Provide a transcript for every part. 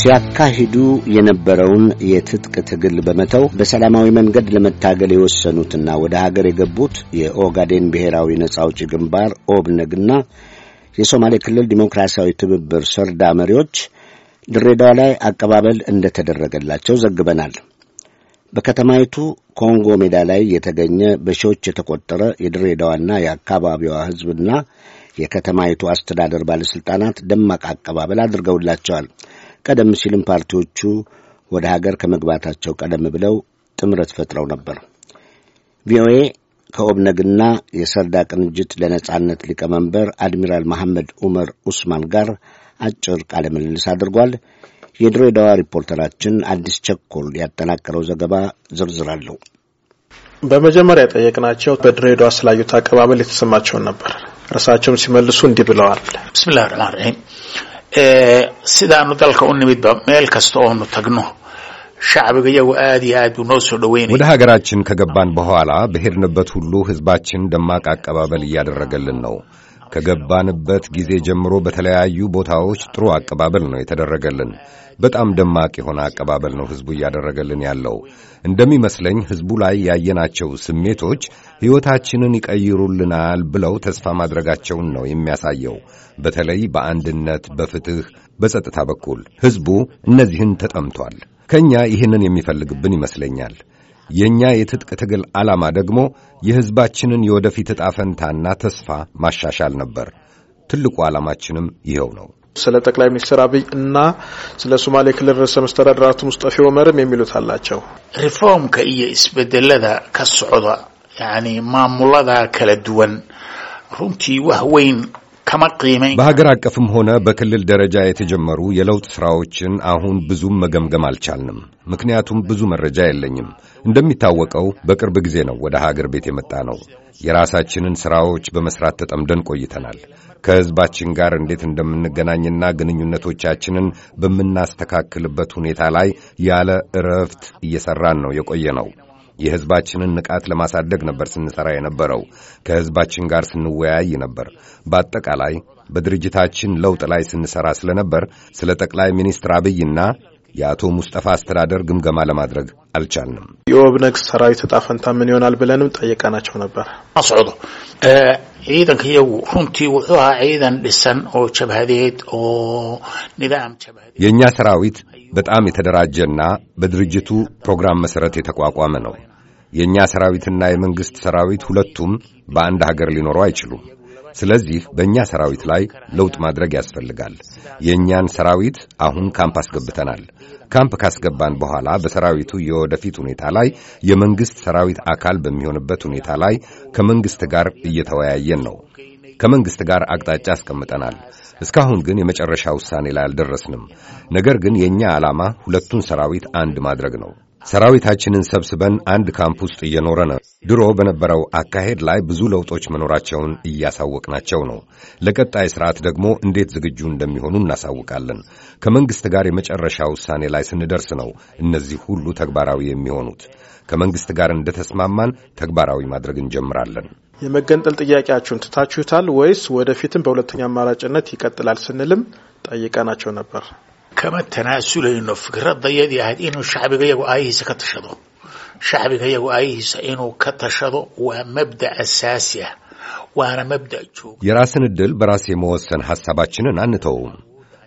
ሲያካሂዱ የነበረውን የትጥቅ ትግል በመተው በሰላማዊ መንገድ ለመታገል የወሰኑትና ወደ ሀገር የገቡት የኦጋዴን ብሔራዊ ነጻ አውጪ ግንባር ኦብነግና የሶማሌ ክልል ዲሞክራሲያዊ ትብብር ሰርዳ መሪዎች ድሬዳዋ ላይ አቀባበል እንደተደረገላቸው ዘግበናል። በከተማይቱ ኮንጎ ሜዳ ላይ የተገኘ በሺዎች የተቆጠረ የድሬዳዋና የአካባቢዋ ሕዝብና የከተማይቱ አስተዳደር ባለሥልጣናት ደማቅ አቀባበል አድርገውላቸዋል። ቀደም ሲልም ፓርቲዎቹ ወደ ሀገር ከመግባታቸው ቀደም ብለው ጥምረት ፈጥረው ነበር። ቪኦኤ ከኦብነግና የሰርዳ ቅንጅት ለነጻነት ሊቀመንበር አድሚራል መሐመድ ዑመር ኡስማን ጋር አጭር ቃለ ምልልስ አድርጓል። የድሬዳዋ ሪፖርተራችን አዲስ ቸኮል ያጠናቀረው ዘገባ ዝርዝር አለው። በመጀመሪያ የጠየቅናቸው በድሬዳዋ ስላዩት አቀባበል የተሰማቸውን ነበር። እርሳቸውም ሲመልሱ እንዲህ ብለዋል። ብስሚላህ ራህማን ራሂም sidaanu dalka u nimidba meel kasta oonu tagno shacbiga iyagu aad iyo aad buu noo soo dhoweynaya ወደ ሀገራችን ከገባን በኋላ በሄድንበት ሁሉ ሕዝባችን ደማቅ አቀባበል እያደረገልን ነው። ከገባንበት ጊዜ ጀምሮ በተለያዩ ቦታዎች ጥሩ አቀባበል ነው የተደረገልን። በጣም ደማቅ የሆነ አቀባበል ነው ሕዝቡ እያደረገልን ያለው። እንደሚመስለኝ ሕዝቡ ላይ ያየናቸው ስሜቶች ሕይወታችንን ይቀይሩልናል ብለው ተስፋ ማድረጋቸውን ነው የሚያሳየው። በተለይ በአንድነት፣ በፍትሕ፣ በጸጥታ በኩል ሕዝቡ እነዚህን ተጠምቷል። ከእኛ ይህንን የሚፈልግብን ይመስለኛል። የእኛ የትጥቅ ትግል ዓላማ ደግሞ የሕዝባችንን የወደፊት ዕጣ ፈንታና ተስፋ ማሻሻል ነበር። ትልቁ ዓላማችንም ይኸው ነው። ስለ ጠቅላይ ሚኒስትር አብይ እና ስለ ሶማሌ ክልል ርዕሰ መስተዳድር አቶ ሙስጠፌ ዑመርም የሚሉት አላቸው። ሪፎርምከ iyo isbedelada ka socda yani maamulada kala duwan runtii በሀገር አቀፍም ሆነ በክልል ደረጃ የተጀመሩ የለውጥ ሥራዎችን አሁን ብዙም መገምገም አልቻልንም፣ ምክንያቱም ብዙ መረጃ የለኝም። እንደሚታወቀው በቅርብ ጊዜ ነው ወደ ሀገር ቤት የመጣ ነው። የራሳችንን ሥራዎች በመሥራት ተጠምደን ቆይተናል። ከሕዝባችን ጋር እንዴት እንደምንገናኝና ግንኙነቶቻችንን በምናስተካክልበት ሁኔታ ላይ ያለ እረፍት እየሠራን ነው የቆየ ነው። የህዝባችንን ንቃት ለማሳደግ ነበር ስንሰራ የነበረው። ከህዝባችን ጋር ስንወያይ ነበር። በአጠቃላይ በድርጅታችን ለውጥ ላይ ስንሰራ ስለነበር ስለ ጠቅላይ ሚኒስትር አብይና የአቶ ሙስጠፋ አስተዳደር ግምገማ ለማድረግ አልቻልንም። የኦብነግ ሰራዊት ዕጣ ፈንታ ምን ይሆናል ብለንም ጠየቀናቸው ነበር። አስዑዶ ዒዳንከ ከየው ሩንቲ ውሑሃ ዒዳን ድሰን ኦ ሸብሃዴት ኦ ኒዛም ሸብሃዴት የእኛ ሰራዊት በጣም የተደራጀና በድርጅቱ ፕሮግራም መሠረት የተቋቋመ ነው። የእኛ ሰራዊትና የመንግሥት ሰራዊት ሁለቱም በአንድ ሀገር ሊኖሩ አይችሉም። ስለዚህ በእኛ ሰራዊት ላይ ለውጥ ማድረግ ያስፈልጋል። የእኛን ሰራዊት አሁን ካምፕ አስገብተናል። ካምፕ ካስገባን በኋላ በሰራዊቱ የወደፊት ሁኔታ ላይ የመንግሥት ሰራዊት አካል በሚሆንበት ሁኔታ ላይ ከመንግሥት ጋር እየተወያየን ነው። ከመንግሥት ጋር አቅጣጫ አስቀምጠናል። እስካሁን ግን የመጨረሻ ውሳኔ ላይ አልደረስንም። ነገር ግን የእኛ ዓላማ ሁለቱን ሰራዊት አንድ ማድረግ ነው። ሰራዊታችንን ሰብስበን አንድ ካምፕ ውስጥ እየኖረ ነው። ድሮ በነበረው አካሄድ ላይ ብዙ ለውጦች መኖራቸውን እያሳወቅናቸው ነው። ለቀጣይ ስርዓት ደግሞ እንዴት ዝግጁ እንደሚሆኑ እናሳውቃለን። ከመንግሥት ጋር የመጨረሻ ውሳኔ ላይ ስንደርስ ነው እነዚህ ሁሉ ተግባራዊ የሚሆኑት። ከመንግሥት ጋር እንደተስማማን ተግባራዊ ማድረግ እንጀምራለን። የመገንጠል ጥያቄያችሁን ትታችሁታል ወይስ ወደፊትም በሁለተኛ አማራጭነት ይቀጥላል ስንልም ጠይቀናቸው ነበር። ከመተናሱ ተናሱለ ኖ ፍክረዳ የድ ያህድ ኢኑ ሻዕቢገ የጎ አያሂሰ ከተሸዶ ሻዕቢ ገየጉ አያሂሰ ኢኑ ከተሸዶ ወመብዳእ አሳስያ ዋነ መብዳእ ጆግ የራስን ዕድል በራስ የመወሰን ሐሳባችንን አንተውም።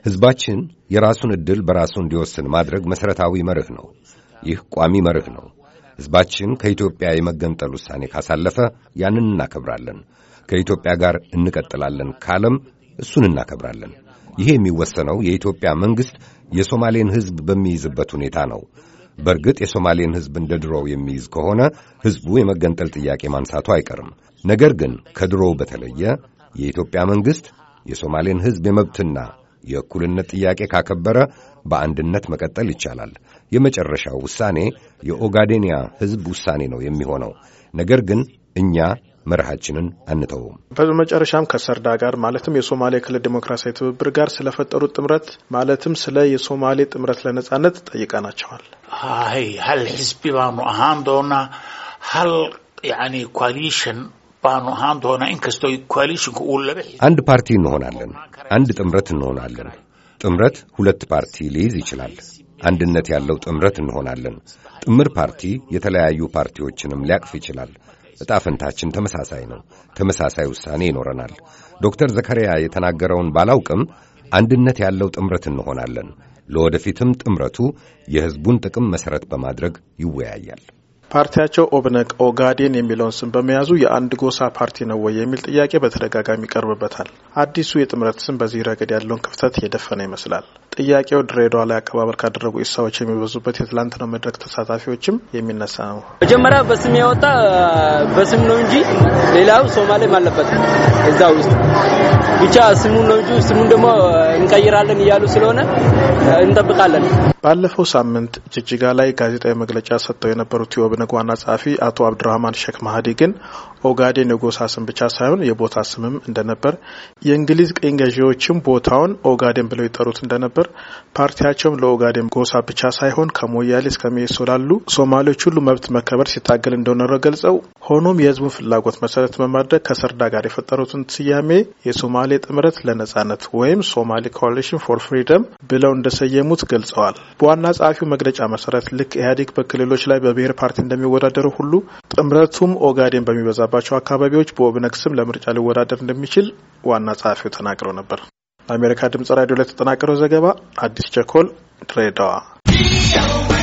ሕዝባችን የራሱን ዕድል በራሱ እንዲወስን ማድረግ መሠረታዊ መርህ ነው። ይህ ቋሚ መርህ ነው። ሕዝባችን ከኢትዮጵያ የመገንጠል ውሳኔ ካሳለፈ ያንን እናከብራለን። ከኢትዮጵያ ጋር እንቀጥላለን ካለም እሱን እናከብራለን። ይሄ የሚወሰነው የኢትዮጵያ መንግሥት የሶማሌን ሕዝብ በሚይዝበት ሁኔታ ነው። በእርግጥ የሶማሌን ሕዝብ እንደ ድሮው የሚይዝ ከሆነ ሕዝቡ የመገንጠል ጥያቄ ማንሳቱ አይቀርም። ነገር ግን ከድሮው በተለየ የኢትዮጵያ መንግሥት የሶማሌን ሕዝብ የመብትና የእኩልነት ጥያቄ ካከበረ በአንድነት መቀጠል ይቻላል። የመጨረሻው ውሳኔ የኦጋዴንያ ሕዝብ ውሳኔ ነው የሚሆነው። ነገር ግን እኛ መርሃችንን አንተውም። በመጨረሻም ከሰርዳ ጋር ማለትም የሶማሌ ክልል ዴሞክራሲያዊ ትብብር ጋር ስለፈጠሩት ጥምረት ማለትም ስለ የሶማሌ ጥምረት ለነጻነት ጠይቀናቸዋል። ሀይ ሀል ህዝቢ ባኑ አሃን ዶና ሀል ያኒ አንድ ፓርቲ እንሆናለን፣ አንድ ጥምረት እንሆናለን። ጥምረት ሁለት ፓርቲ ሊይዝ ይችላል። አንድነት ያለው ጥምረት እንሆናለን። ጥምር ፓርቲ የተለያዩ ፓርቲዎችንም ሊያቅፍ ይችላል። ዕጣ ፈንታችን ተመሳሳይ ነው። ተመሳሳይ ውሳኔ ይኖረናል። ዶክተር ዘከሪያ የተናገረውን ባላውቅም አንድነት ያለው ጥምረት እንሆናለን። ለወደፊትም ጥምረቱ የሕዝቡን ጥቅም መሠረት በማድረግ ይወያያል። ፓርቲያቸው ኦብነግ ኦጋዴን የሚለውን ስም በመያዙ የአንድ ጎሳ ፓርቲ ነው ወይ የሚል ጥያቄ በተደጋጋሚ ይቀርብበታል። አዲሱ የጥምረት ስም በዚህ ረገድ ያለውን ክፍተት የደፈነ ይመስላል። ጥያቄው ድሬዳዋ ላይ አቀባበል ካደረጉ ኢሳዎች የሚበዙበት የትላንትናው መድረክ ተሳታፊዎችም የሚነሳ ነው። መጀመሪያ በስም ያወጣ በስም ነው እንጂ ሌላው ሶማሌም አለበት እዛ ውስጥ ብቻ ስሙን ነው እንጂ ስሙን ደግሞ እንቀይራለን እያሉ ስለሆነ እንጠብቃለን። ባለፈው ሳምንት ጅጅጋ ላይ ጋዜጣዊ መግለጫ ሰጥተው የነበሩት ንግ ዋና ጸሐፊ አቶ አብድራህማን ሼክ ማህዲ ግን ኦጋዴን የጎሳ ስም ብቻ ሳይሆን የቦታ ስምም እንደነበር፣ የእንግሊዝ ቅኝ ገዢዎችም ቦታውን ኦጋዴን ብለው ይጠሩት እንደነበር፣ ፓርቲያቸውም ለኦጋዴን ጎሳ ብቻ ሳይሆን ከሞያሌ እስከ ሜሶ ላሉ ሶማሌዎች ሁሉ መብት መከበር ሲታገል እንደኖረ ገልጸው፣ ሆኖም የህዝቡን ፍላጎት መሰረት በማድረግ ከሰርዳ ጋር የፈጠሩትን ስያሜ የሶማሌ ጥምረት ለነጻነት ወይም ሶማሌ ኮሊሽን ፎር ፍሪደም ብለው እንደሰየሙት ገልጸዋል። በዋና ጸሐፊው መግለጫ መሰረት ልክ ኢህአዴግ በክልሎች ላይ በብሔር ፓርቲ እንደሚወዳደሩ ሁሉ ጥምረቱም ኦጋዴን በሚበዛ በተነገረባቸው አካባቢዎች በኦብነግ ስም ለምርጫ ሊወዳደር እንደሚችል ዋና ጸሐፊው ተናግረው ነበር። ለአሜሪካ ድምጽ ራዲዮ ለተጠናቀረው ዘገባ አዲስ ቸኮል ድሬዳዋ